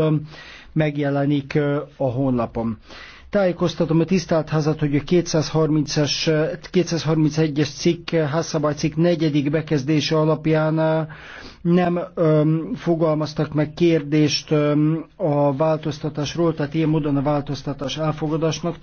kapcsolatban megjelenik a honlapom. Tájékoztatom a tisztelt házat, hogy a 230-es, 231-es cikk, negyedik bekezdése alapján nem öm, fogalmaztak meg kérdést öm, a változtatásról, tehát ilyen módon a változtatás elfogadásnak